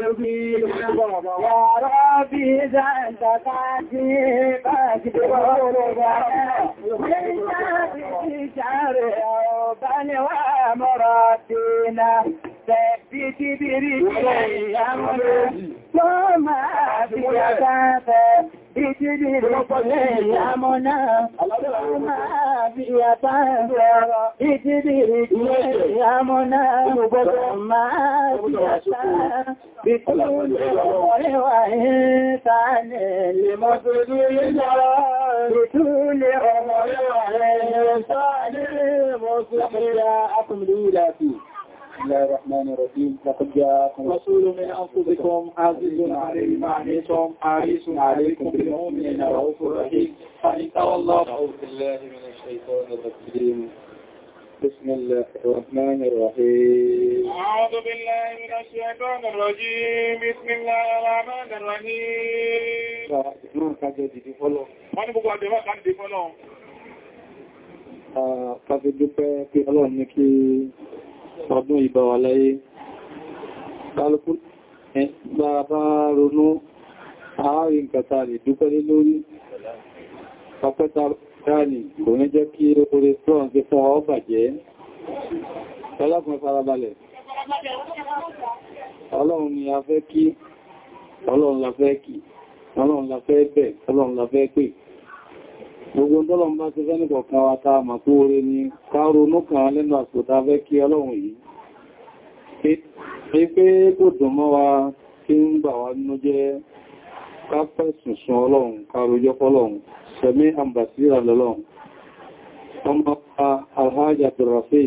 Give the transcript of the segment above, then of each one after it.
قلبي يا ربي زعت تعذيبك بغربك في شعري عوبا ومراتنا ثبت برجلي أمري القوم في عذابه بجدر يعمنا القوم في عذابه بجدر يعمنا القوم في عذابه بكل وإنسان لمسجد بكل وإنسان لمسجد أقم لي لكي بسم الله الرحمن الرحيم لقد جاءكم رسول من أنفسكم عزيز عليه ما عنيتم حريص عليكم بالمؤمنين رؤوف رحيم فإن تولوا أعوذ بالله من الشيطان الرجيم بسم الله الرحمن الرحيم أعوذ بالله من الشيطان الرجيم بسم الله الرحمن الرحيم Wọ́n gbogbo àdẹ̀wọ́ kan dé fọ́lọ́. Kàfẹ́ dúpẹ́ pé Ọlọ́run ní kí ọdún ìbá wà láyé kálùkù bàbá ronú àárín kàtà lè dúpẹ́ lé lórí pàpẹta káàlì kò ní jẹ́ kí orí strong jẹ́ fún ọ bàjẹ́ ọlọ́pùn farabalẹ̀ ọlọ́run ni a fẹ́ kí ọlọ́run la fẹ́ kí ọlọ́run la fẹ́ bẹ̀ ọlọ́run la fẹ́ pè gbogbo tọ́lọ̀n bá ti fẹ́nì kọ̀kan wa ta mà kó orí ni káàrò núkàn lẹ́nu àsìkòta fẹ́ kí ọlọ́run yìí ní pé kò dùn mọ́ wa tí ń bà wá nínú jẹ́ kápẹ́ sùnsùn ọlọ́run káàrójọ́ fọ́lọ́run sẹ̀mí àmbàsíra lọ́lọ́run ọmọ alhaji àtìrọ̀fẹ́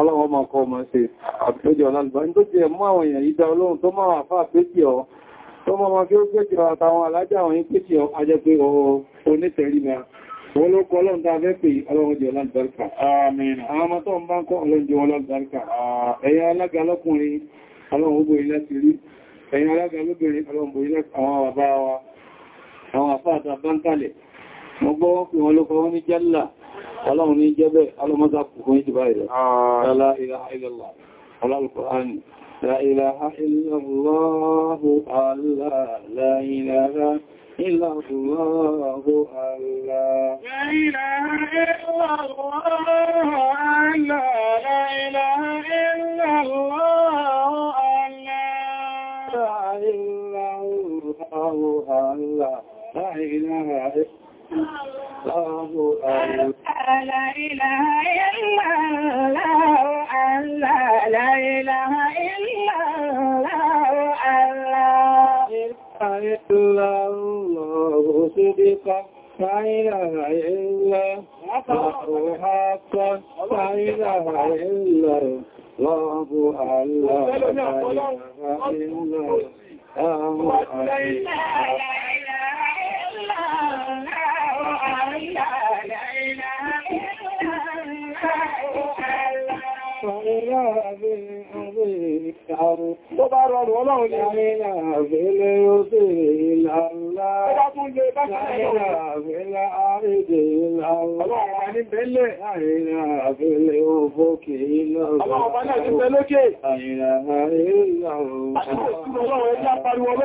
ọlọ́wọ́ máa kọ́ ọmọ ṣe àpéjọ lálùbá ní tó jẹ mọ́ àwọn èèyàn ìdá olóhun tó máa wà fáà péjì ọ tó máa máa kí ó péjì ọ àtàwọn alájá àwọn yí péjì ọ ajẹ́ pé onítẹ̀rí mẹ́ra wọ́n ló kọ́ ọlọ́run tàà fẹ́ pè ọlọ́run jẹ́ lálùbáríkà àmín àwọn ọmọ tó ń bá ń kọ́ ọlọ́run jẹ́ lálùbáríkà ẹ̀yin alága lọ́kùnrin ọlọ́run ó bòrí láti rí ẹ̀yin alága lóbìnrin ọlọ́run bòrí láti àwọn bàbá wa àwọn àfáàtà báńkálẹ̀ mọ́gbọ́ wọ́n pè wọ́n ọlọ́run ní jẹ́bẹ̀ alọ́mọ́sá fún ìjìbá ilẹ̀ la ilaha illallah ọlọ́run la ilaha illallah la ilaha illallah allah. ilaha allah. la allah. illallah لا إله إلا الله الله لا إله إلا الله الله إلا الله صدقا لا إله إلا الله حقا لا إله إلا الله الله لا إله إلا الله لا إله إلا الله Tó bá rọrùn ọlọ́run ní àmìnà àfẹ́lẹ́ òṣè ìlàlá. Tó bá tún lè bá ṣàrẹ́nà àfẹ́lẹ́ àrídè ìlàlá. Ọlọ́run wa ní bẹ́lẹ̀. Àrìnà àfẹ́lẹ́ òfókè ìlàlá. Ọlọ́run bá náà ti bẹ́ lókè. Àrìnà àrìnà ìlàlá. Àrìnà ìlàlá.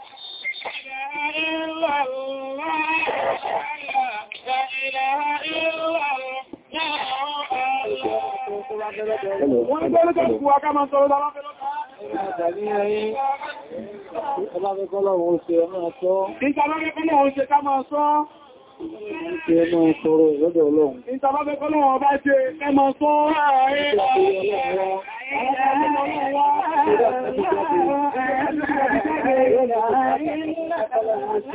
Wọ́n ń gbẹ́lẹ́gbẹ́ ìwà ká máa sọ́rọ̀ lára fẹ́lọ́ta. Ìgbàlẹ́ ayé, ọlọ́fẹ́kọ́lọ́wọ́ oṣù ẹ̀mọ́ ọ̀ṣọ́. Ìgbàlẹ́gbẹ́lẹ́wọ́ oṣù ká máa sọ́. Ṣé máa sọ́rọ̀ ìrọ́dọ̀ ọlọ́run. Ìgbàlẹ́gbẹ́lẹ́wọ́ bá ṣe ẹ máa sọ́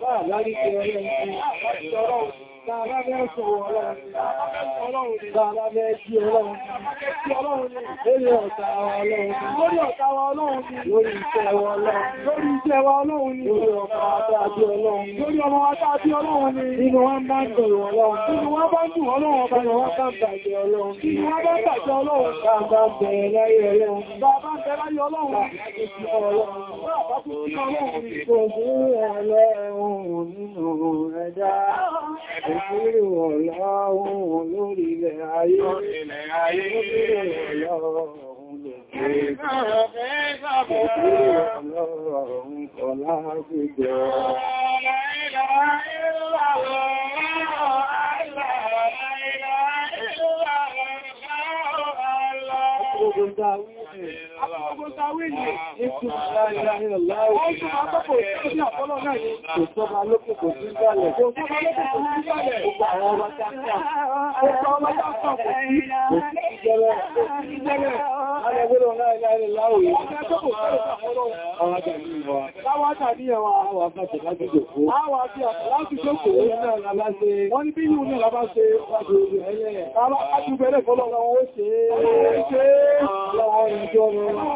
Báà lárí kí ọlẹ́ Tààbẹ́ ṣòwò ọlọ́run ni. Tààbẹ́ jí ọlọ́run ni. Lórí ọ̀tá wa ọlọ́run ni. Lórí ọ̀tá wa ọlọ́run ni. Lórí iṣẹ́ wa ọlọ́run ni. Lórí iṣẹ́ wa ọlọ́run ni. Lórí ọmọ wa tàbí ọlọ́run ni. Lórí ọmọ wa tàbí ọlọ́run ni. Inú wọn bá ń dùn ọlọ́run. Inú wọn bá ń dùn ọlọ́run ọba ni wọ́n bá ń bàjẹ́ ọlọ́run. Inú wọn bá ń bàjẹ́ ọlọ́run. Bàbá bẹ̀rẹ̀ láyé ọlọ́run. Bàbá bẹ̀rẹ̀ láyé ọlọ́run. Bàbá kú sí ọlọ́run. Kò sí ọlọ́run nínú ẹ̀dá. Ìfúrù ọlọ́run lórí ilẹ̀ ayé, ìfúrù ọlọ́run lókè náà, ìfúrù ọlọ́run kọlá gbígbẹ̀ ọ̀rọ̀. Wọ́n ní bí yíò ní ọ̀lá bá ṣe wájú orí ẹyẹ. Àwọn ajúgbẹ̀rẹ̀ fọ́lọ́wọ́ ó ṣe é. Ó ṣe é. Àwọn ìjọ́ rẹ̀.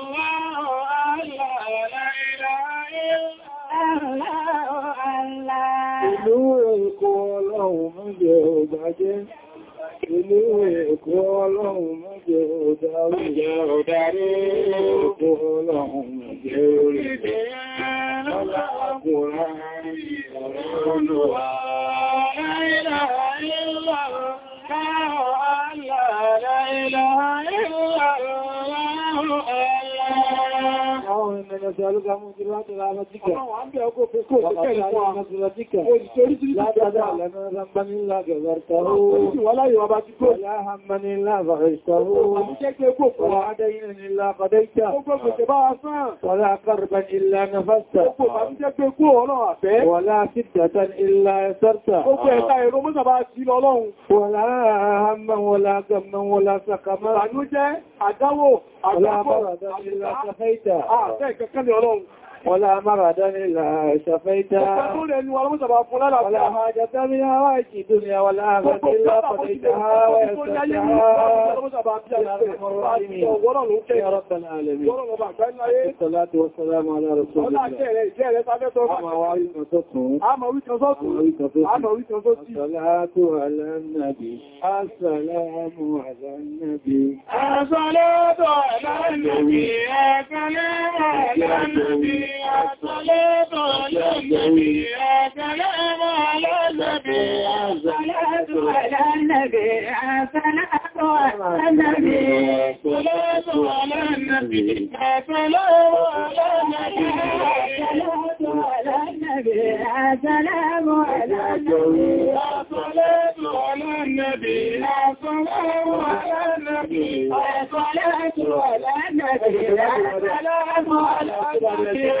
Ìlú Èkó ọlọ́run mú jẹ ògbàjẹ́. Ìlú Èkó ọlọ́run mú jẹ òdàrí. Èkó ọlọ́run mú jẹ orílẹ̀-èdè. Ọlọ́run olúwa. Láìlá ìlọ́ Láàrùn àlàrà ìlọ́ ìlọ́ ìlọ́ اللهم إنا نسألك من ذرات رحمتك وغفرتك لا تدع لنا ذنبا إلا غفرته ولا هما إلا فرجته ولا دينا إلا قضيته ولا قربا إلا نفسته ولا سدة إلا يسرته ولا هما ولا غما ولا سقما ولا بردا إلا كفيته àfẹ́ ọlọ́run ولا مرضا إلا شفيتها ولا حاجة من هواك الدنيا والآخرة إلا قضيتها ويسرتها يا رب العالمين الصلاة والسلام على رسول الله أما وعيد نصته أما وعيد نصته الصلاة على النبي السلام على النبي الصلاة على النبي السلام على النبي السلام على النبي السلام على النبي السلام على النبي السلام على النبي السلام على النبي السلام على النبي السلام على النبي السلام على النبي السلام على النبي السلام على النبي السلام على النبي السلام على النبي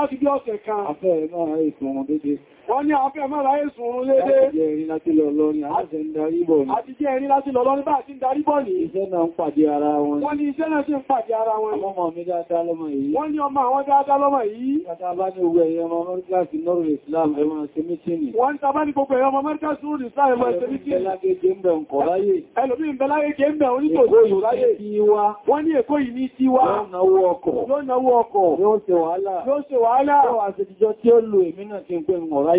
láti bí ọ̀sẹ̀ kan. Afẹ́ náà ìsìn ọmọdé Wọ́n ní àwọn fẹ́ mọ́ra ẹ̀sùn oorun lédé. Àti láti lọ lọ́rin, àti ń darí bọ̀ ní. Àti jẹ́ láti lọ lọ́rin bá àti ń darí bọ̀ ní. Iṣẹ́ náà ń pàdé ara wọn. ní iṣẹ́ náà ṣe ń pàdé ara wọn. Ọmọ mi dáadáa lọ́mọ yìí. Wọ́n ní ọmọ àwọn dáadáa lọ́mọ yìí. Tata bá ní owó ẹ̀yẹ ọmọ Amẹ́ríkà sí Nọ́rù Islam ẹmọ ṣe mítìnì. Wọ́n ta bá ní gbogbo ẹ̀yẹ ọmọ Amẹ́ríkà sí Nọ́rù Islam ẹmọ ṣe mítìnì. Ẹlòmí ń Wọ́n ní Èkó yìí ní tiwa. Yóò Yóò náwó ọkọ̀. Yóò ṣe wàhálà.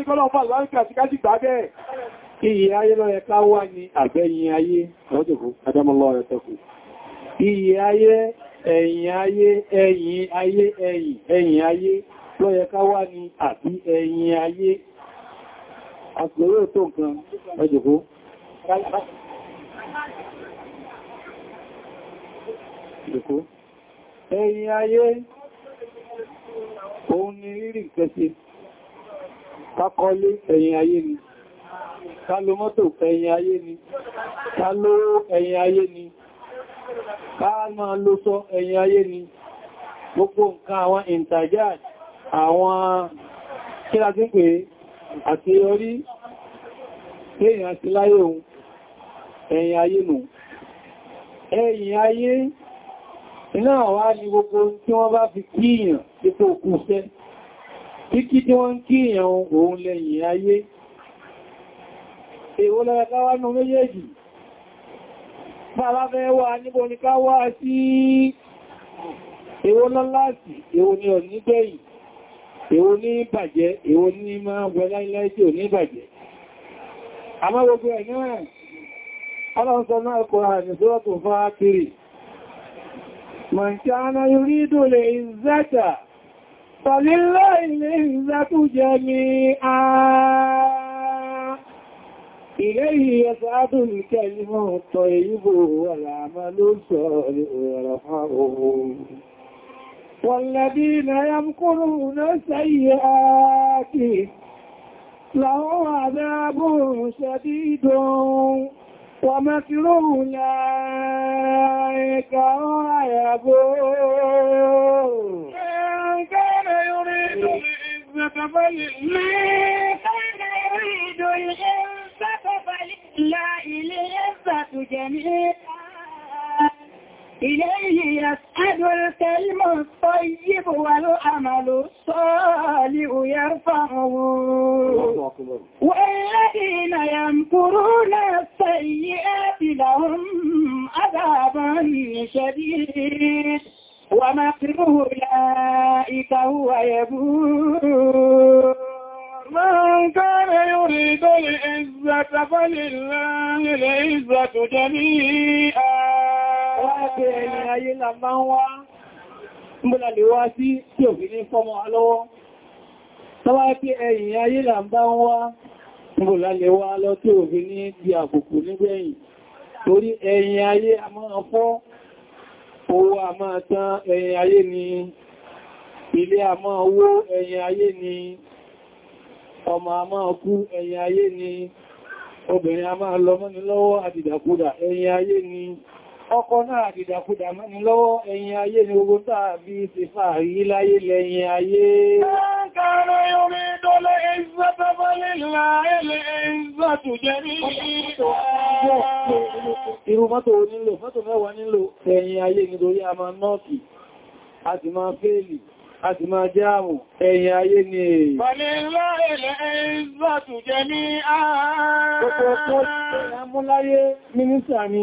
ní kọ́lọ̀ fà láríkà àti kájì gbà bẹ́ẹ̀ iyì ayé lọ ẹ̀ká wà ní àgbẹ̀yìn ayé ọjọ́kù adámọ́lọ́ ẹ̀tọ́kù iyì ayé ẹ̀yìn ayé ẹ̀yìn ayé ẹ̀yìn ayé lọ ẹ̀ká wà ní àbí ẹ̀yìn ayé àgbẹ̀rẹ̀ tó nǹkan ọjọ́kù ẹ̀yìn ayé òun ni rírì kẹsí kakọlé ẹ̀yìn ayé ni kálò mọ́tò ẹ̀yìn ayé ni kálò ẹ̀yìn ayé ni káàmà ló sọ ẹ̀yìn ayé ni gbogbo nǹkan àwọn intajaj àwọn kíláti pé àti orí lẹ́yìn àti láyé ohun ẹ̀yìn ayé nù ẹ̀yìn ayé iná àwọn àti gbogbo tí wọ́n bá fi kíyàn dípò kúṣẹ́ kíkí tí wọ́n kí èèyàn òun lẹ́yìn ayé èwo lọ́yẹ káwà ní méjèèjì bàbá fẹ́ wà níbo ni ká wá sí èwo lọ́láàsì èwo ni ọ̀ní gbẹ̀yìn èwo ní bàjẹ́ èwo ní máa gbẹ láìláì tí ò ní bàjẹ́ àmọ́ gbogbo ẹ̀ náà ọlọ́sọ náà kọ àìsíwọ́tò fáàkiri man فلله العزة جميعا إليه يسعد الكلم الطيب والعمل الصالح يرفعه والذين يمكرون السيئات لهم عذاب شديد ومكر أولئك هم يبور العزة فلله كان يريد العزة فلله العزة جميعا إليه يسعد الكلم الطيب والأمل الصالح يرفعه والذين يمكرون السيئات لهم عذاب شديد ومكره أولئك هو يبور من كان يريد العزة فلله العزة جميعا وأبين أي لمن هو ní fọ́mọ́ alọ́wọ́ pé ẹ̀yìn ayé là bá ń wá mbọ́lá wá lọ tí ò ní di àkùkù owó a máa tán ẹ̀yìn ayé ni ilé a máa wó ẹ̀yìn ayé ni ọmọ a máa kú ẹ̀yìn ayé ni obìnrin a máa lọ mọ́ni lọ́wọ́ àti ìdàkudà ẹ̀yìn ayé ni ọkọ náà dìdàkudà mẹ́ni lọ́wọ́ ẹ̀yìn ayé ni ogun tàà bí i ti fàárí láyé lẹ́yìn ayé Káàrọ yorí dọ́lẹ̀ ìzọ́tọ́bọ́lélà jẹ́ ní ẹ̀yìn ayé nítorí a máa nọ́ọ̀kì, a sì máa fẹ́ẹ̀lì, a sì máa jáàmù ẹ̀yìn ayé ni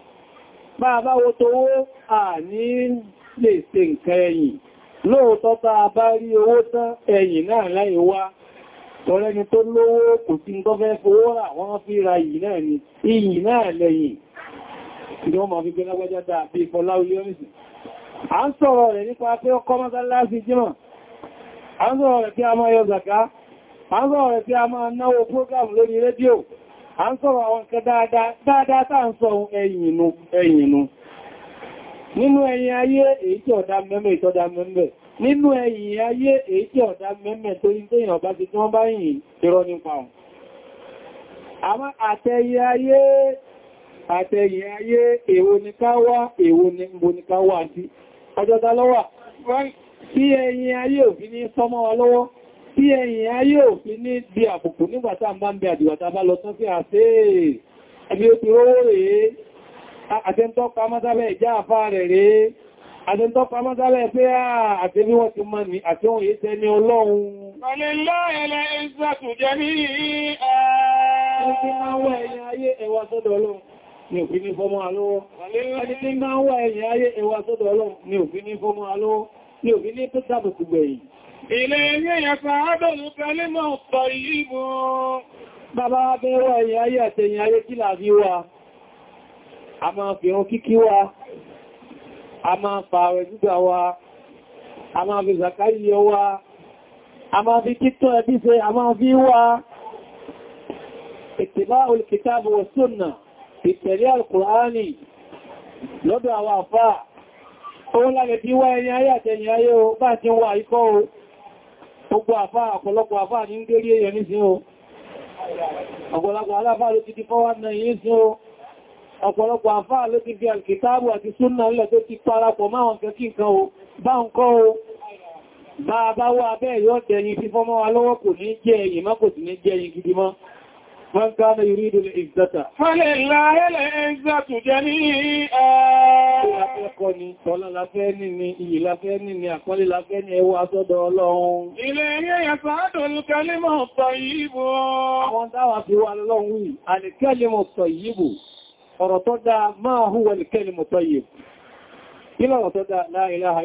bá bá wo tówó à ní lè ṣe nǹkan ẹ̀yìn lóòótọ́ tá a bá rí owó tán ẹ̀yìn náà láì wá tọ́rẹ́ ni tó lówó kò tí tó fẹ́ fowó rà wọ́n fi ra yìí náà ni iyì náà lẹ́yìn tí wọ́n ma fi gbé lágbàjá dáa bí fọlá olé a ń sọ̀rọ̀ rẹ̀ nípa pé ọkọ́ mọ́sálásí jímọ̀ a ń sọ̀rọ̀ rẹ̀ pé a máa yọ zàká a ń sọ̀rọ̀ rẹ̀ pé a máa náwó prógámù lórí rédíò a ń sọ̀rọ̀ àwọn ǹkan dáadáa tá ń sọ ẹ̀yìnú nínú ẹ̀yìn ayé èyí tí ọ̀dá mẹ́mẹ́ ìtọ́dá mẹ́mẹ́ nínú ẹ̀yìn ayé èyí tí ọ̀dá mẹ́mẹ́ tó ní tẹ́yìn ọ̀bá ti tí bá yìn nípa ọ̀ ni tí ẹ̀yìn ayé òfin ní di àpòpò nígbàtà bá ń bẹ àdìwàtà bá lọ tán sí àṣẹ ẹbí ó ti rówó rèé àtẹ́ntọ́pa mọ́sábẹ̀ ìjá àfá rẹ̀ rèé àtẹ́ntọ́pa mọ́sábẹ̀ pé àtẹ́bí wọ́n ti mọ́ni àti ohun èé tẹ́ni ní ọlọ́run إليه يسعد الكلم الطيب Bàbá abẹ́wọ̀ ẹ̀yìn ayé àtẹ̀yìn ayé kí làbí wa, a máa fi hàn kíkí wa, a máa fa rẹ̀ gbígbà wa, a máa fi zàkáyíyọ wa, a máa fi títọ́ ẹbí ṣe, a máa fi wá. Ittiba'ul kitabu wa sunna, ìtẹ̀lé al-Qur'ani lọ́dọ̀ àwọn àfáà, ó lálẹ̀ bí wá ẹ̀yìn ayé àtẹ̀yìn ayé o, bá ti wà ikọ́ o gbogbo àfá ọ̀pọ̀lọpọ̀ àfá ní ń dérí èyàn ní sí o ọ̀pọ̀lọpọ̀ aláfá ló ti di fọ́wọ́n náà yìí sí o ọ̀pọ̀lọpọ̀ àfá ló ti di alkitabu àti súnnà ilẹ̀ tó ti parapọ̀ máwọn kẹkí nǹkan o bá ń kọ́ o bá من كان يريد العزة فلله العزة جميعا Akẹ́kọ̀ọ́ni, tọ́lá lafẹ́ nìní, ìyì lafẹ́ nìní, àkọ́lé lafẹ́ ní ẹwà sọ́dọ̀ Ọlọ́run. Ilé ẹyẹ yàtàádọ̀ lùkẹ́lẹ́mọ̀ sọ yìíbò. Àwọn dáwà fi wà lọ́run wí, alìkẹ́lẹ́mọ̀ sọ yìíbò, ọ̀rọ̀ tó dá máa húwà alìkẹ́lẹ́mọ̀ sọ yìíbò. Ilé ọ̀rọ̀ tó dá la ilaha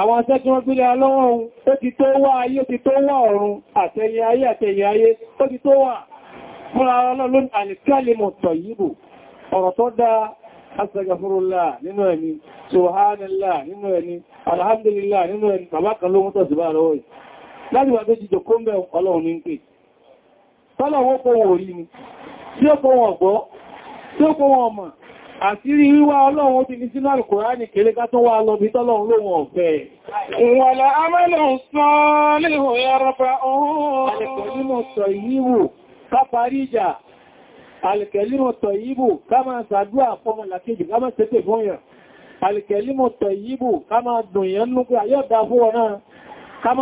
àwọn aṣẹ́ tí wọ́n gbílé alọ́wọ́ ohun ó ti tó wà ayé ti tó wà ọ̀run àtẹ̀yìn ayé àtẹ̀yìn ayé ó ti tó wà múra ọlọ́lọ́n àlìkálìmọ̀ tọ̀ yíbò ọ̀rọ̀ tó dá astaghfirullah nínú ẹni nínú ẹni àti rí wíwá ọlọ́run ti fi sínú àlùkùránì kéré ká tó wá lọ bí tọ́lọ́run lóhun ọ̀fẹ́ ìwọ̀lá amẹ́lù sán léhùn yárafa ọ̀rọ̀ ọ̀rọ̀ ọ̀rọ̀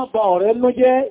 ọ̀rọ̀ ọ̀rọ̀ ọ̀rọ̀ ọ̀rọ̀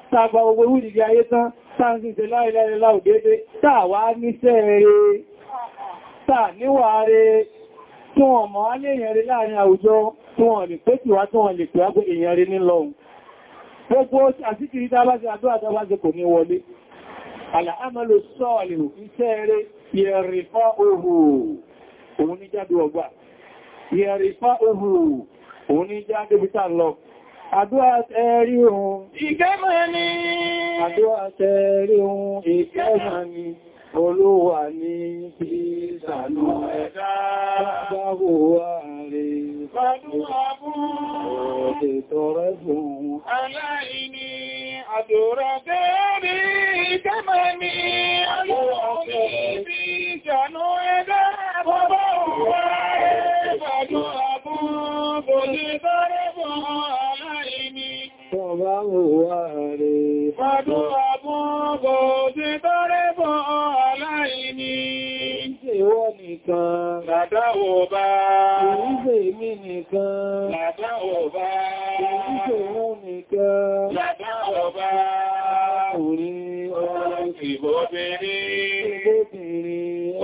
tàbà gbogbo ìwú ìdí ayé tán sáàsì ìṣẹ́ láìláìlá òdédé tàwà níṣẹ́ rẹ̀ tà níwà rẹ̀ tí wọ́n mọ̀ á lè yẹnrẹ̀ láàrin àwùjọ tí wọ́n lè pé tíwá tí wọ́n lè pè ágbé ìyẹnrẹ̀ nílọ́un gbogbo àsìkiri dábájẹ́ àdúrà dábájẹ́ kò ní wọlé àlàámọ́lò sọ́ọ̀lì iṣẹ́ rẹ̀ yẹ̀rìfá ohù òun ní jáde ọgbà yẹ̀rìfá ohù òun ní jáde bí tà lọ Àdúwà tẹ́rí ohun ìkẹ́mọ̀ ni. Àdúwà tẹ́rí ohun ìkẹ́mọ̀ ni. Olúwa ní kí ìsànú ẹ̀dá. Gbáwò wà rí. Fàdúwà fún. Òde tọrẹ fún. Aláìní àdúrà wà rí. Fọ́dún àmúgbò ti tọ́rẹ bọ́ aláìní. Ìwọ nìkan làdáwò bá. Ìrísẹ̀ mi nìkan làdáwò bá. Ìrísẹ̀ wọn nìkan làdáwò bá. Orí ọ̀rọ̀ ìbọ̀bẹ̀rẹ̀.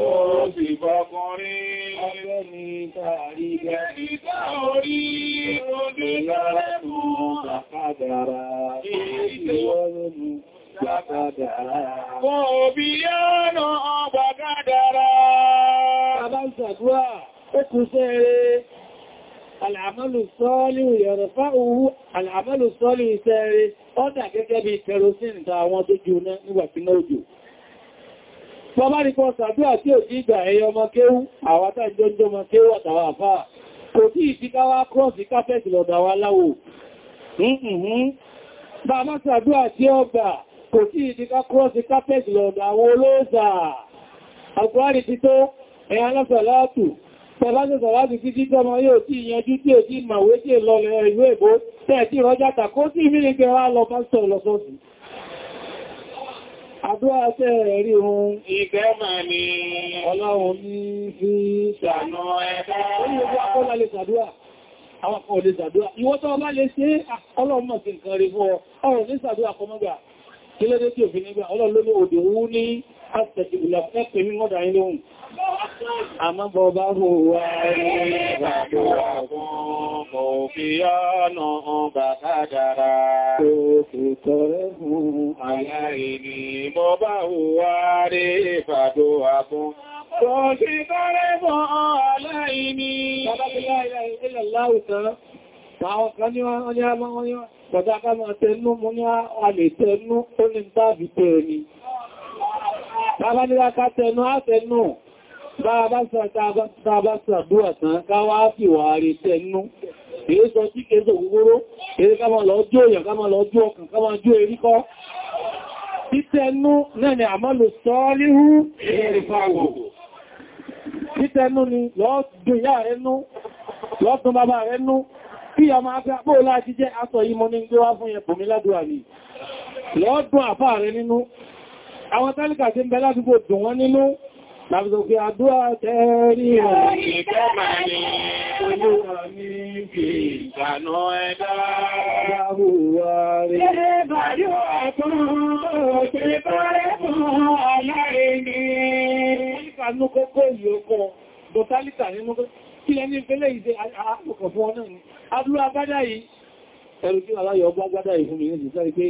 Ó sì bọ́kùnrin lẹ́ni tàrí gẹ̀rí tàórí omi lọ́rẹ́mù sàkádàrà ìwọ̀lẹ́mù sàkádàrà. Wọ́n òbí yánà ọba kádàrà. Bàbá ń sàdúrà, ó kú sẹ́rẹ́. Àlàmọ́lù sọ́ọ́lù yẹ̀rọ̀fá òwú, àlàmọ́lù sọ́ọ́lù sẹ́rẹ́, ọ́dà gẹ́gẹ́ bí kerosene ta àwọn tó jóná nígbàtí náà jò tó bá ní pọ́ sàdúrà tí ò sí ìgbà ẹyọ ọmọ kéwú àwátá ìjọjọ́ ọmọ kéwú àtàwà àfáà kò tí ìfikáwá kọ́ọ̀sì kápẹ́ẹ̀tì lọ̀dà wa láwò bá má sàdúrà tí ó gbà kò tí ìfiká kọ́ọ̀sì kápẹ́ẹ̀tì lọ̀dà àwọn olóòsà àkùrárì ti tó ẹ̀yà lọ́sọ̀láàtù tẹ̀lásọ̀sọ̀ láti fi títọ́mọ yóò tí ìyẹnjú tí ò tí ìmàwé tí ìlọlẹ̀ ìlú èbó tẹ́ẹ̀ tí rọjá tàkó sí ìmìnigbẹ̀rá lọ pásítọ̀ lọ́sọ̀sì Àdúrà tẹ́ rí ohun ìfẹ́ máa ni ọlọ́run ní fi ṣànà ẹ̀dá. Ó ní ọjọ́ àwọn kan lè ṣàdúrà. Ìwọ́ tó ọlá lè ṣe ah, ọlọ́run mọ̀ sí nǹkan rí ọ, àtẹ̀sì ìlàfẹ́ pè mí mọ́dà ní lóhun àmọ́bọ̀ bá hù wá ní ìgbàdúrà fún òfíyànà bàbá dára tó fi tọrẹ fún aláìní mọ́ bá hù wá rí ìgbàdúrà fún tó fi tọrẹ fún aláìní Àwọn kan ní wọ́n ní a máa wọ́n ní wọ́n, bọ̀dá ká máa tẹnú, mo ní a lè tẹnú, ó ní ń tàbí tẹ́ ni. Bàbá ní wá kátẹnu átẹnu, bàbá sàdúwà tán káwà fi wà rí tẹnu. Èé sọ tí kéèsò gbogbo, èé káwà lọ jó èyàn, káwà lọ jó ọkàn, káwà jó eríkọ́. Títẹnu náà ni àmọ́lù sọ́ọ́líhú èrè fàwọ̀. Títẹnu ni lọ́ọ̀dùn ìyá rẹ̀ nú, lọ́ọ̀dùn bàbá rẹ̀ nú, kí ọmọ afẹ́ àpò láti jẹ́ aṣọ yìí mọ́ ní gbé wá fún ẹ̀bùnmí ládùúrà ní. Lọ́ọ̀dùn àfáà rẹ̀ nínú, àwọn tálíkà tí ń bẹ ládúgbò dùn wọ́n nínú lábìsọ̀ pé àdúrà tẹ́rí Bọ̀tálítà nínú kí ẹni ìfẹ́lẹ̀ ìdẹ àpòkọ̀ fún ọ náà ni. Adúrà bádá yìí, ẹ̀rù kí aláyọ̀ ọgbá gbádá ìfún ní ìsìsẹ́ pé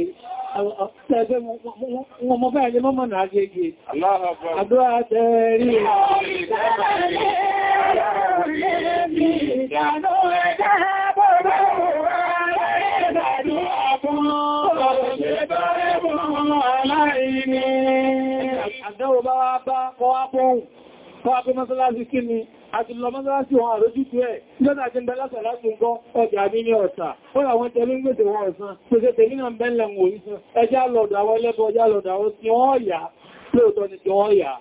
ẹgbẹ́ mọ́ báyìí lè mọ́mọ̀ náà gẹ́gẹ́ àdúrà tẹ́rí Àdáwò bá wá bá kọwàá pọ́hùn, kọwàá pé mọ́sálásí kí ni àti lọ mọ́sálásí wọn àrójútú ẹ̀ lọ́nà àti ìbẹ́lásà láti ǹkan ọjà mi ní ọ̀sà ó rà wọ́n tẹ̀lé ń gbèsè wọn ọ̀sán pèsè tẹ̀lé náà bẹ́ẹ̀lẹ̀ òyìnṣán ẹjá lọ́dọ̀ àwọn ẹlẹ́bọ̀ ọjá lọ́dọ̀ àwọn tí wọ́n yà lóòtọ́ ni tí wọ́n yà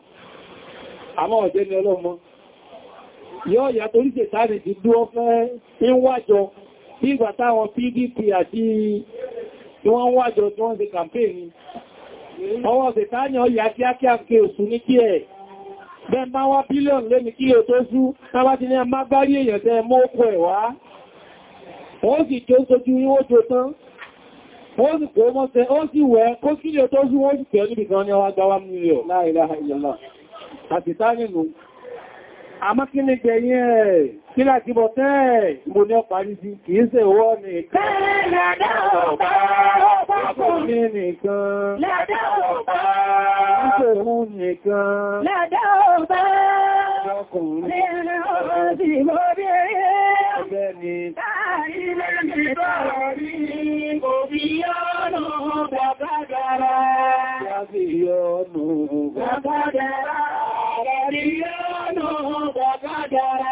àmọ́ ọ̀jẹ́ ni ọlọ́mọ yóò yà torí ṣètàrí ti dúó fẹ́ ń wájọ bí ìgbà táwọn PDP àti wọ́n wájọ tí wọ́n ṣe kàmpéèni ọwọ́ ṣètàrí ọ̀yà kíákíá kí oṣù ní bẹ́ẹ̀ bá wá bílíọ̀n lẹ́ni kí lè tó sú tàbá ti ní a má gbárí èèyàn tẹ́ mọ́ òkú ẹ̀ wá wọ́n sì tó sójú yíwó tó tán wọ́n sì kó mọ́ tẹ́ ó sì wẹ́ kó kí lè tó sú wọ́n sì pẹ̀ níbi ní ọwá gbáwá Kílá ti bọ̀ tẹ́ẹ̀ mo ní ọparí sí kìí ṣe wọ́ nìkan. Lẹ́dá ọ̀pá ọ̀pọ̀kùnrin nìkan. Lẹ́dá ọ̀pá ọ̀pọ̀kùnrin nìkan. Lẹ́dá ọ̀pá ọ̀pọ̀kùnrin Bàbá dára, àrẹ̀ ìyọ́nù bàbá dára.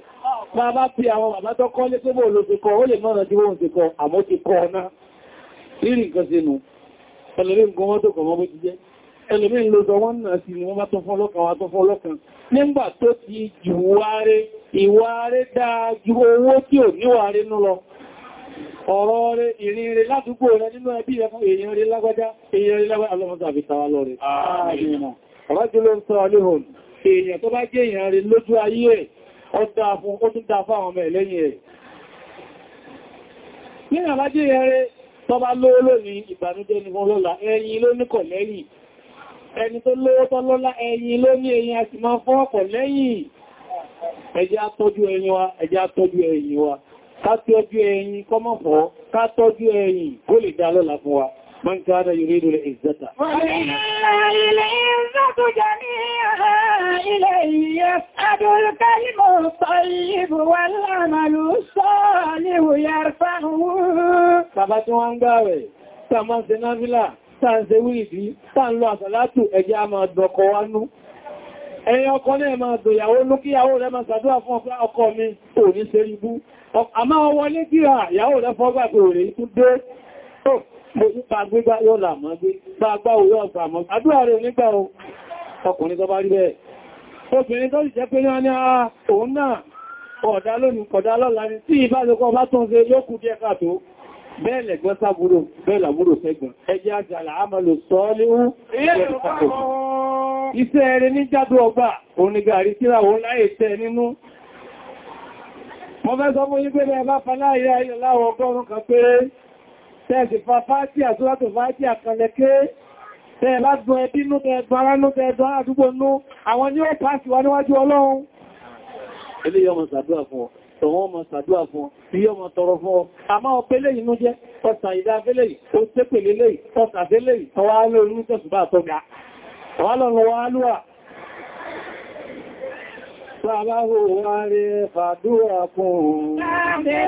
máa bá bí àwọn bàbá tó kọ́ lé tó bò ló ti kọ́ ó lè mọ́ràn tí wọ́n ti kọ́ àmọ́ ti kọ́ ọ̀nà rírì nǹkan sínú ẹlòmí nǹkan wọ́n tó kọ̀ mọ́ bó ti jẹ́ ẹlòmí ń lo sọ wọ́n náà sí ni wọ́n bá tó fún ọlọ́kan wá tó fún ọlọ́kan nígbà tó ti jù wáre ìwáre dáa ju owó tí ò níwáre nú lọ ọ̀rọ̀ rẹ̀ ìrìn rẹ̀ ládùúgbò rẹ̀ nínú ẹbí rẹ̀ fún èèyàn rẹ̀ lágbájá èèyàn rẹ̀ lágbájá alọ́mọdé àbìtàwà lọ rẹ̀. ọ̀rọ̀ jùlọ ń tó bá jẹ́ èèyàn rẹ̀ lójú ayé ẹ̀ ó dáa fún ó ọmọ ẹ̀lẹ́yìn ẹ̀ nínú àlájí ẹrẹ tó bá lónìí ìbànújẹ́ ni wọ́n lọ́la ẹ̀yìn ló ní kọ̀ ẹni tó lówó tó lọ́lá ẹ̀yìn ló ní ẹ̀yìn a máa fọ́ọ̀kọ̀ lẹ́yìn ẹ̀yìn wa ẹ̀yìn wa ẹ̀yìn kọ́mọ̀fọ́ ẹ̀yìn wa man kana إليه يسأل الكلم الطيب والعمل الصالح يرفعه Bàbá tí wọ́n ń gbààwẹ̀, tá a máa ń ṣe náfílà, tá a ń ṣe wíìdí, tá a ń lọ àsàlátù ẹjẹ́ a máa dọ̀kọ wá nú. Ẹ̀yin ọkọ náà máa dòyàwó ìyàwó ọkùnrin tó bá rí bẹ́ẹ̀ obìnrin tó sì jẹ́ pé náà ní ara ah, òun náà ọ̀dá lónìí kọ̀dá lọ́la ní tí ìbálòpọ̀ bá tún ṣe yókù díẹ̀ káàtó bẹ́ẹ̀ lẹ̀gbọ́n sábúrò bẹ́ẹ̀ làbúrò sẹ́gbọ̀n ẹjẹ́ àjàlà àmàlò sọ́ọ́lẹ́wú iṣẹ́ eré ní jádó ọgbà onígàrí tíra òun láyé tẹ́ tẹ́ bá dùn ẹbí nú tẹ́ dùn ará nú tẹ́ dùn àdúgbò nú àwọn ní ó pàṣì wá níwájú Ọlọ́run ilé yọmọ ṣàdúrà fún ọ tọ̀wọ́n mọ̀ ṣàdúrà fún ọ bí yọmọ tọrọ fún ọ a máa ọ pẹ́lẹ̀ inú jẹ́ ọ̀sà ìdáfẹ́lẹ̀ ó tẹ́pẹ̀lẹ̀ lẹ́yìn ọ̀sà fẹ́lẹ̀ ọwá lórí ní tẹ̀sùbá àtọ́gá ọwá lọ́rọ̀ wá lúwà Sáàbáwò wá rí fàdúrà fún ọ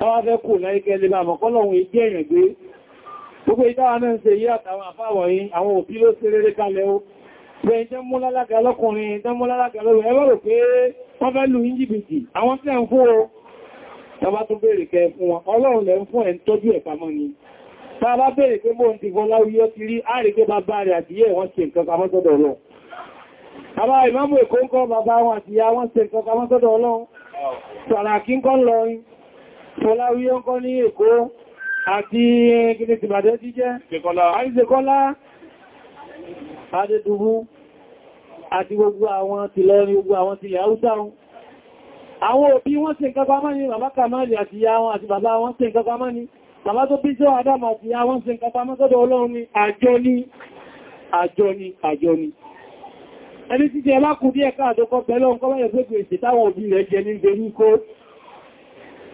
tàwàfẹ́ kò láìkẹ́ lè máa mọ̀kọ́lọ̀wọ̀n ìjẹ́ èèyàn gbé gbogbo ìdáwà náà ṣe yí àtàwọn àfáwọ̀ yìí àwọn òbí ló ṣe rere kalẹ̀ ó pé ìjẹ́múlálága lọ́kùnrin ìjẹ́múlálága lọ́rùn ẹwọ́ rò pé wọ́n fẹ́ lù yín jìbìtì àwọn tẹ́ ń fún o tàbá tún béèrè kẹ fún wọn ọlọ́run lẹ ń fún ẹ̀ ń tọ́jú ẹ̀ pamọ́ ni tàbá béèrè pé mọ́ ti fọ́lá yíó ti rí ààrẹ pé bàbá rẹ̀ àtìyẹ́ wọ́n ṣe nǹkan pamọ́ sọ́dọ̀ ọlọ́run bàbá ìmáàmù èkó ń kọ́ bàbá wọn àtìyá wọ́n ṣe Fọláwí ọkọ́ ní Èkó àti gíní eh, tìbàdẹ́ ti jẹ́, àìsẹ̀kọ́lá, Adédùbú, àti gbogbo àwọn tìlọrin gbogbo àwọn tìlẹ̀ Haúsá wọn. Àwọn òbí wọ́n ṣe nǹkan pamọ́ ní bàbá Kàmáàlì àti ìyá wọn àti bàbá wọn ṣe nǹkan pamọ́ ní. Bàbá tó bí ni àjọ ni, àjọ ni, àjọ ni ẹni títí ẹlá kù díẹ̀ káàdọ́kọ́ pẹ̀lú ọkọ́ báyẹ̀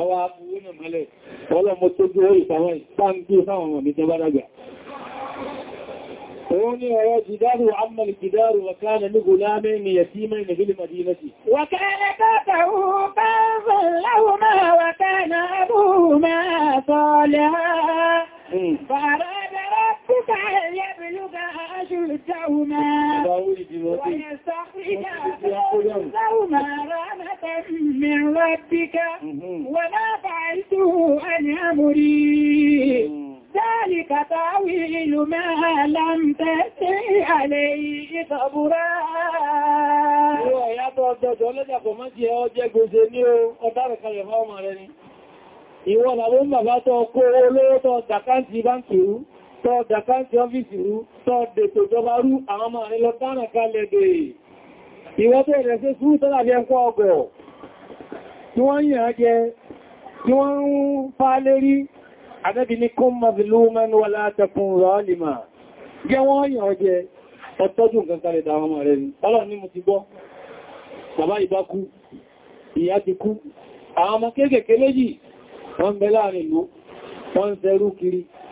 ọwọ́ abúrú náà mọ́lẹ̀ ọlọ́mọ tó gbé orí ìfàwọn ìpáǹgbé fáwọn ọmọ mi tẹ́bá dàgbà òun ni ọ̀rọ̀ jìdáàrù àmàlì jìdáàrù wàkánà ní gùlámé ni yàtí mai na gílì madinati حتى يبلغ أشدهما ويستخرج لهما رحمة من ربك وما فعلته عن أمري ذلك تعويل ما لم تسعي عليه صبرا Ìwọ̀n àwọn bàbá tọ́ kó olówó tọ́ dàkáǹtì báǹkì rú tọ́ dàkáǹtì ọ́fíìsì rú tọ́ dètò ìjọba rú àwọn ọmọ rẹ̀ lọ tánà kalẹ̀ dè ìwọ́tẹ̀ rẹ̀ sí sùúrù tọ́lá jẹ́ ń kọ́ ọgọ̀ tí wọ́n yìí jẹ́ tí wọ́n ń fà lérí Ànábì ní kún wọ́n ni ọlọ́run ní mo ti gbọ́ bàbá ìbá kú ìyá ti kú àwọn ń bẹ láàrin ìlú wọ́n ń ṣerú kiri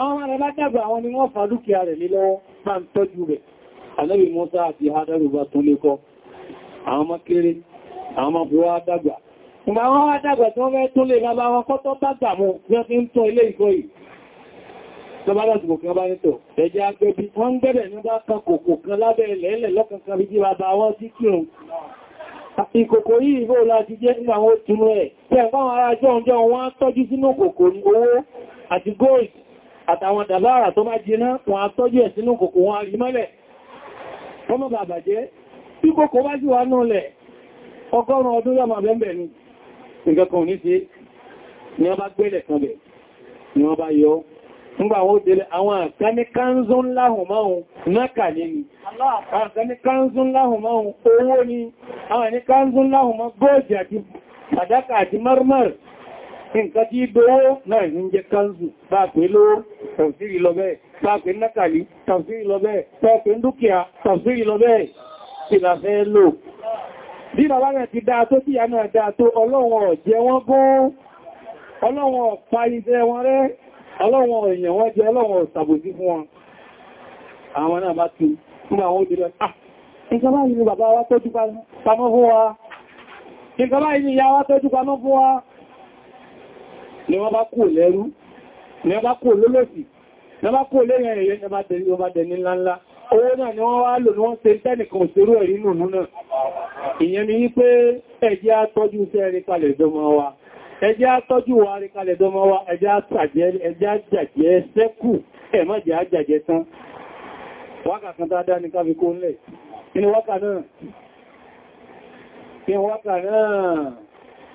àwọn arẹ́lá dàgbà àwọn ni wọ́n fa dúkìá rẹ̀ lé lọ́wọ́ bá ń tọ́jú rẹ̀ alẹ́bì Mùsá àti hádàrù bá tún lékọ́ àwọn ọmọ kéré àwọn ọmọ fi wá dàgbà ìgbà wọ́n wá dàgbà tí wọ́n fẹ́ tún lè bàbá wọn kọ́tọ́ dàgbà mú bí wọ́n ti ń tún ilé ìkọ́ yìí lọ́bá láti kò kan bá nítọ̀ ẹjẹ́ agbẹ́bí wọ́n ń gbẹ́bẹ̀ ní bá kan kòkò kan lábẹ́ ilẹ̀ lọ́kankan bí bàbá wọ́n sí kírùn ìkòkò yìí ìbò láti jẹ́ nínú àwọn òtúnú ẹ̀ tẹ́ ẹ̀kọ́ àwọn ará jọ́ ọjọ́ wọn tọ́jú sínú kòkò ní owó àti gold àtàwọn dàbára tó bá jiná wọn àtọ́jú ẹ̀ sínú kòkò wọn rí mọ́lẹ̀ ọmọ bàbà jẹ́ tí kòkò bá sí wà náà lẹ̀ ọgọ́rùn ọdún yàmà ni ìgẹ́kùn ní sí ni wọ́n bá gbélẹ̀ kan ni wọ́n bá yọ nígbà wọ́n délé àwọn àkáníkánzó ńláhùnmáhùn nákàlẹ́ ni àkáníkánzó ńláhùnmáhùn owó ni àwọn àkáníkánzó ńláhùnmá góòjì àti àdákà àti nǹkan tí gbówó náà ní jẹ́ kánzù bá pè lówó tàùsírì lọ bẹ́ẹ̀ bá pè nákàlí tàùsírì lọ bẹ́ẹ̀ bá pè dúkìá tàùsírì lọ bẹ́ẹ̀ tí la fẹ́ lò bí bàbá rẹ̀ ti dáa tó tíyà náà dáa tó ọlọ́wọ̀n ọ̀jẹ́ wọn gún ọlọ́wọ̀n ọ̀pá iṣẹ́ wọn rẹ́ ọlọ́wọ̀n èèyàn wọ́n jẹ́ ọlọ́wọ̀n ọ̀sàbòsí fún wọn àwọn náà bá ti fún àwọn òdìlẹ̀ ah ìjọba ìlú bàbá wa tọ́jú pamọ́ fún wa ni wọ́n bá kú lẹ́rú ni wọ́n bá kú lólòsì ni wọ́n bá kú lẹ́yìn ẹ̀yẹ́ ni wọ́n dẹni ńláńlá owó náà ni wọ́n wá lò ní wọ́n ṣe tẹ́nìkan òṣèrú ẹ̀rí nùnú náà ìyẹn ni wípé ẹjẹ́ wa ẹjẹ́ àtọ́jú wa rí kalẹ̀ ìjọmọ wa ẹjẹ́ àjàjẹ́ sẹ́kù ẹ̀mọ́jẹ́ àjàjẹ́ tán wákà kan dáadáa ní káfíkó ńlẹ̀ inú wákà náà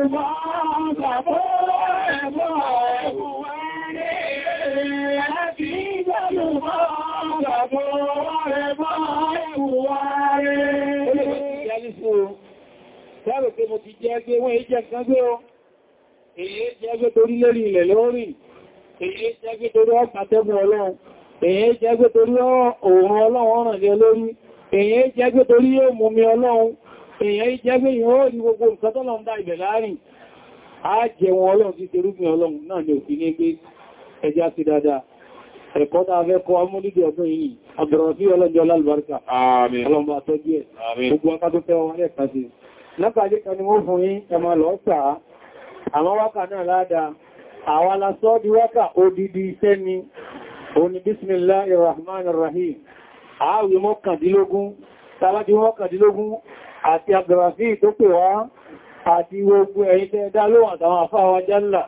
Sáàrò pé mo ti jẹ́ gbé wọ́n èyí jẹ́ kan torí lórí ilẹ̀ lórí, èyí jẹ́ torí ọ̀pàtẹ́gùn ọlọ́run, èyí jẹ́ torí òòrùn ọlọ́run ọ̀ràn lórí, èyí jẹ́ torí yóò mi ọlọ́run, èèyàn jẹ́ pé yóò rí gbogbo nǹkan tọ́lọ ń bá ibẹ̀ láàrin a jẹun ọlọ́run ti tẹrúgbìn ọlọ́run náà ni òfin ní pé ẹjá sí dáadáa ẹ̀kọ́ tàà fẹ́ kọ́ amúlìdì ọdún yìí àbẹ̀rọ̀fí ọlọ́jọ́ lálùbáríkà ọlọ́mọ àtọ́jú ẹ̀ gbogbo akátọ́fẹ́ wọn lẹ́ẹ̀kan sí lápàájẹ́ kan ni wọ́n fún yín di wákà odidi iṣẹ́ ni òní bismillahir rahmanir rahim ààwẹ̀ àti Abdurrafi tó pè wá àti gbogbo ẹ̀yin tẹ́ dá lóhùn àtàwọn àfáwà jálà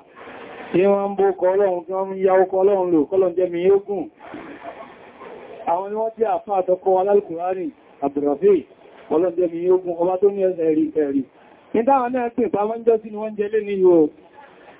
tí wọ́n ń bó kọ ọlọ́run kí wọ́n ń yá ọkọ̀ ọlọ́run lò kọ́lọ̀n jẹ́mi yógún àwọn ni wọ́n jẹ́ àfá àtọ́kọ́ alálùkùránì Abdurrafi kọ́lọ̀n jẹ́mi yógún ọba tó ní ẹsẹ̀ rí ẹ̀rí ní táwọn náà pè ni wọ́n jẹ́ lé ní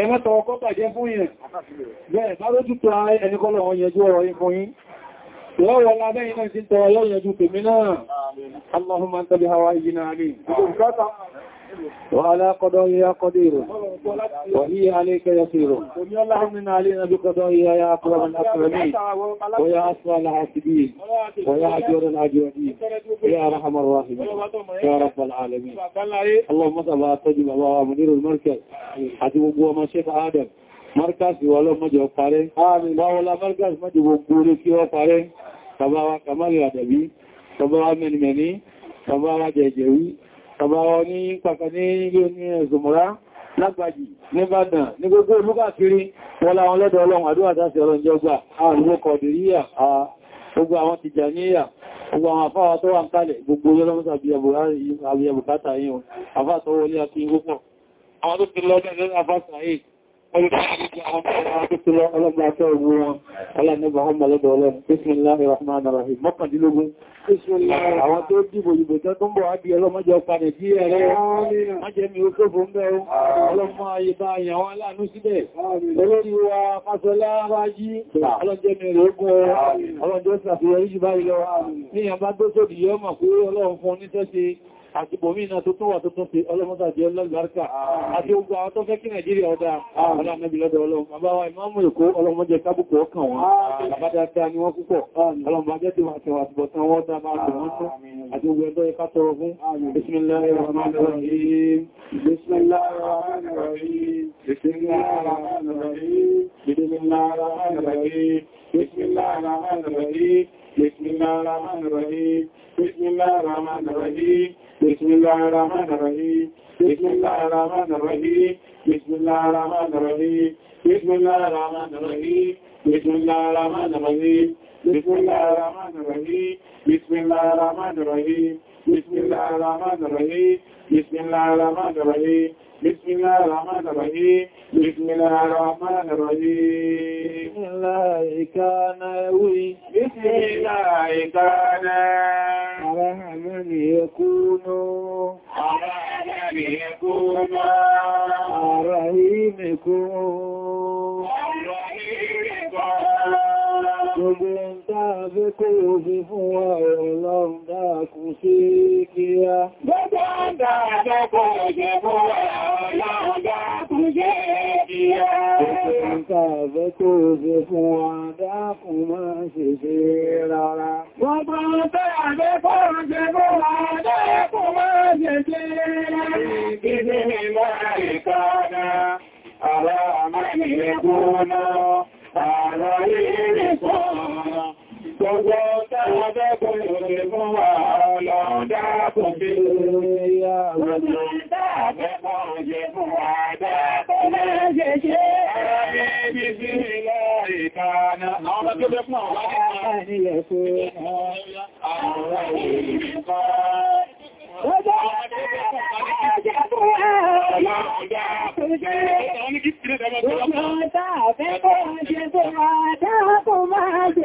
ẹmẹ́ta ọkọ́ bàjẹ́ fún ìrìn bẹ́ẹ̀ bá lójú tó ara ẹnikọ́lọ̀ wọn yẹjú ọ̀rọ̀ yìí fún yín lọ́wọ́ lábẹ́ iná sí tọ́ yọ́ yẹjú tèmi náà Allahumma tàbí hawa ìjìnà àrí وعلى قضائها قدير وهي عليك يسير أمن علينا بقضائها يا أكرم الأكرمين ويا أسرى الحاسبين ويا أجور الأجودين يا رحم الراحمين يا رب العالمين اللهم صل على سيدنا ومدير المركز حتى وما شيخ آدم markasi wa lọ mọ́jọ parẹ́. Báwọlá markasi mọ́jọ gbogbo orí kí wọ́n parẹ́, tọba wa kamari àdàbí, tọba wa mẹ́nìmẹ́ni, bàbá wọn ní pàkà ní ẹ̀sùnmọ́ra lágbàjì níbàdàn ní gbogbo olúkàkiri wọ́n láwọn lọ́dọ̀ ọlọ́run àdúrà dáṣẹ́ ọlọ́run jọgbà àwọn ìlú kọ̀dìríyà gbogbo àwọn tìjàníyà gbogbo àwọn afáwà tó wà ń kalẹ̀ gbogbo olóòmọ́sà àbíyàbùkátà yìí àfáà tó wọlé àti ìgbópọ̀ àwọn tó ti lọ́dọ̀ بسم الله الرحمن الرحيم مقدلوغون بسم الله àwọn tó dìbò ìbò tó tó ń bọ̀ àbí ọlọ́mọjọ́ padà sí ẹ̀rẹ́ májẹ̀mí ó sófò ń bẹ̀rún ọlọ́mọ ayé bá àyàwó aláàánú síbẹ̀ olórí wa fásọlá rájí ọlọ́jẹ́mí rẹ̀ ogun ọlọ́jọ́ sàfihàn rí jù báyìí lọ àti bòmínà tó tún wà tó tún fi ọlọ́mọ́sàdé ọlọ́gbàrkà àti ogun àwọn tó fẹ́ kí Nàìjíríà ọdá ọlá mẹ́bí lọ́dọ̀ ọlọ́run bàbá wa ìmáàmù Èkó ọlọ́mọjẹ kábùkù ọkàn wọn àbádáadáa ni wọ́n púpọ̀ ọlọ́mọjẹ́ tí wọ́n ti wà tìbọ̀tán wọ́n dá Rahim Bismillahir Rahmanir Rahim Bismillahir Rahmanir Rahim Bismillahir Rahmanir Rahim Bismillahir Rahmanir Rahim Bismillahir Rahmanir Rahim Bismillahir Rahmanir Rahim بسم الله الرحمن الرحيم بسم الله الرحمن الرحيم بسم الله الرحمن الرحيم بسم الله الرحمن الرحيم بسم الله الرحمن الرحيم بسم الله الرحمن الرحيم بسم الله الرحمن الرحيم بسم الله الرحمن الرحيم بسم الله الرحمن الرحيم بسم الله الرحمن الرحيم بسم الله الرحمن الرحيم بسم الله كان يوي بسم الله كان الرحمن يكون